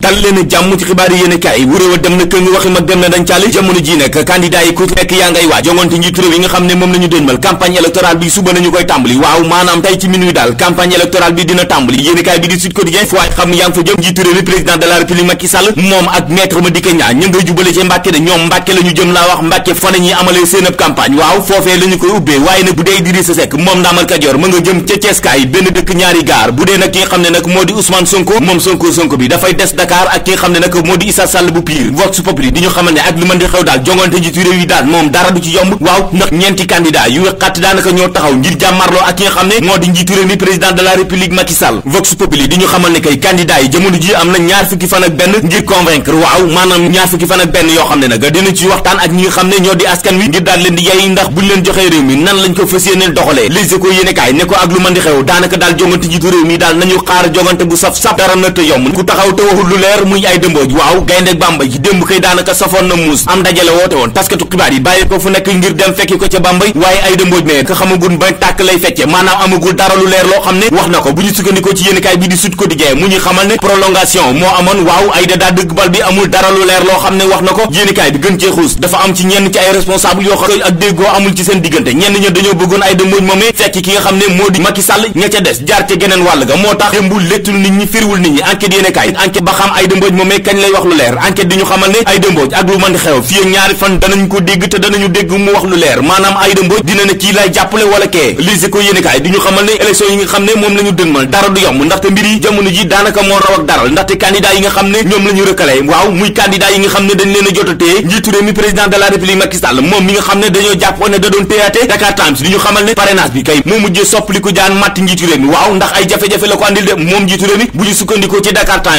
dal leen jàmm ci xibaar yi yéen kaay wuréew dem na kër ngi waxi mag dem na dañ caali jamono ji nag candidat yi ku nekk yaa ngay waaj jongante njiitu yi nga xam ne moom moom ak maître Madické Niang ñu ngay jubale ci Mbàkke de ñoom Mbàkke la jëm laa wax Mbàkke fa nañuy amalee seen ab campagne waaw foofee la koy ubbee waaye nag bu dee Idrissa Seck moom Ndamal Kajoor ma nga jëm ca Ceeskaay benn dëkk ñaari gaar bu dee nag ki xam ne nag moo di Dakar ak ki nga xam ne nag moo di Issa Sall bu Pire Vox Populi di ñu xamal ne ak lu mën di xew daal jongante ji ci réew yoo xam ne nag dinañ ci xam ne ñoo di askan wi ngir daal leen di yey ndax buñ leen nañu xaar jongante bu saf saf dara na te yomb ku taxaw te waxul lu leer muñ ay dëmbooj waaw gaynde bamba ji démb koy daanaka safoon na muus am dajale woote woon taskatu xibaar yi bàyyi fu nekk ngir dem fekki ko wax na ko bu ñu sukkandikoo ci yéenekaay bi di Sud Quotidien mu ñuy xamal ne prolongation moo amoon waaw ay dadaa dëgg bal bi amul dara leer loo xam ne wax na ko yéenekaay bi gën cee dafa am ci ñenn ci ay responsable yoo xam ak déggoo amul ci seen diggante ñenn ña dañoo bëggoon ay dëmbooj moomee fekk ki nga xam ne moo maam Aïda Mbodj moomee kañ lay wax lu leer enquête di ñu xamal ne Aïda Mbodj ak lu mën xew fii ñaari fan danañ ko dégg te danañu dégg mu wax lu leer maanaam Aïda Mbodj dina ne kii lay jàppale wala kee lise ko yéenekaay di xamal ne élection yi nga xam ne moom la ñu dënmal dara du yomb ndaxte mbir yi jamono ji daanaka moo raw ak daral ndaxte candidat yi nga xam ne ñoom la ñu rëkkale waaw muy candidat yi nga xam ne dañ leen a jotatee njiitu la république Macky Sall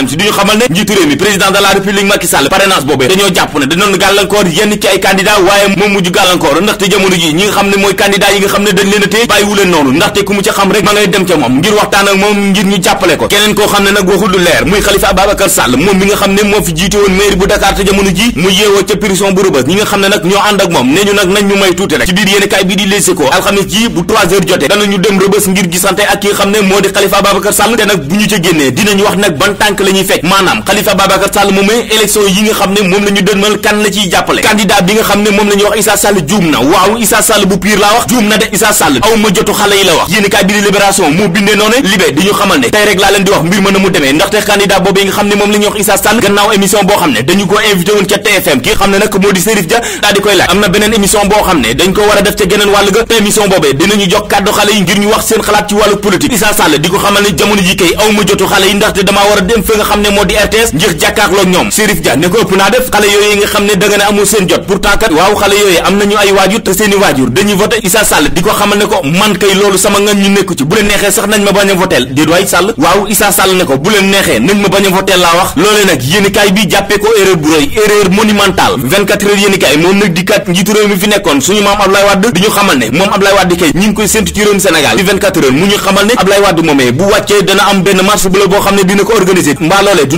moom ne njiitu réew mi président de la république Macky Sall parrainage boobee dañoo jàpp ne dañoon gàllankoor yenn ci ay candidat waaye moom mujj gàllankoor ndaxte jamono ji ñi nga xam ne mooy candidat yi nga xam ne dañ leen a téye bàyyiwu leen noonu ndaxte ku mu ca xam rek ma ngay dem ca moom ngir waxtaan ak moom ngir ñu jàppale ko keneen koo xam ne nag waxul leer muy Khalifa Ababacar Sall moom mi nga xam ne moo fi jiite woon mairie bu Dakar te jamono maanaam Khalifa Babacar Sall moomee yi nga xam ne moom la ñu kan la ciy jàppale candidat bi nga xam ne moom la wax xale yi ngir ñu wax seen xalaat ci wàllu politique Issa Sall di ko xamal ne jamono ji kay aw jotu xale yi ndaxte damaa war a dem fa nga xam ne moo di RTS ngir jàkkaarloo ñoom Chérif Dia ne ko ëpp naa def xale yooyu nga xam ne da nga Sall di ko xamal ne ko man kay loolu sama ngan ñu nekku bu leen neexee sax nañ ma a voteel déet waay Sall waaw Issa Sall ne ko bu leen neexee nañ a voteel laa wax loolee nag yéenekaay bi jàppee ko erreur bu rëy erreur monumentale 24 heures yéenekaay moom nag di kat xamal ne moom Abdoulaye Wade koy séntu ci réewum Sénégal di 24 moomee bu wàccee dana am benn marche bu la boo xam ne dina ko organiser mbaa loolee du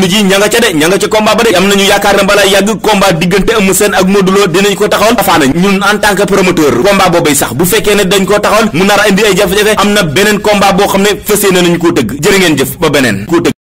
jamono ji ña nga ca de ña ca combat ba de am nañu yaakaar ne balaa yàgg combat diggante Eumeu Sène ak Modou Lo dinañ ko taxawal afaana ñun en tant que promoteur combat boobay sax bu fekkee ne dañ koo taxawal mu nar a indi ay jafe-jafe am na beneen combat boo xam ne fas yéene nañu koo tëgg jërë ngeen jëf ba beneen koo tëgg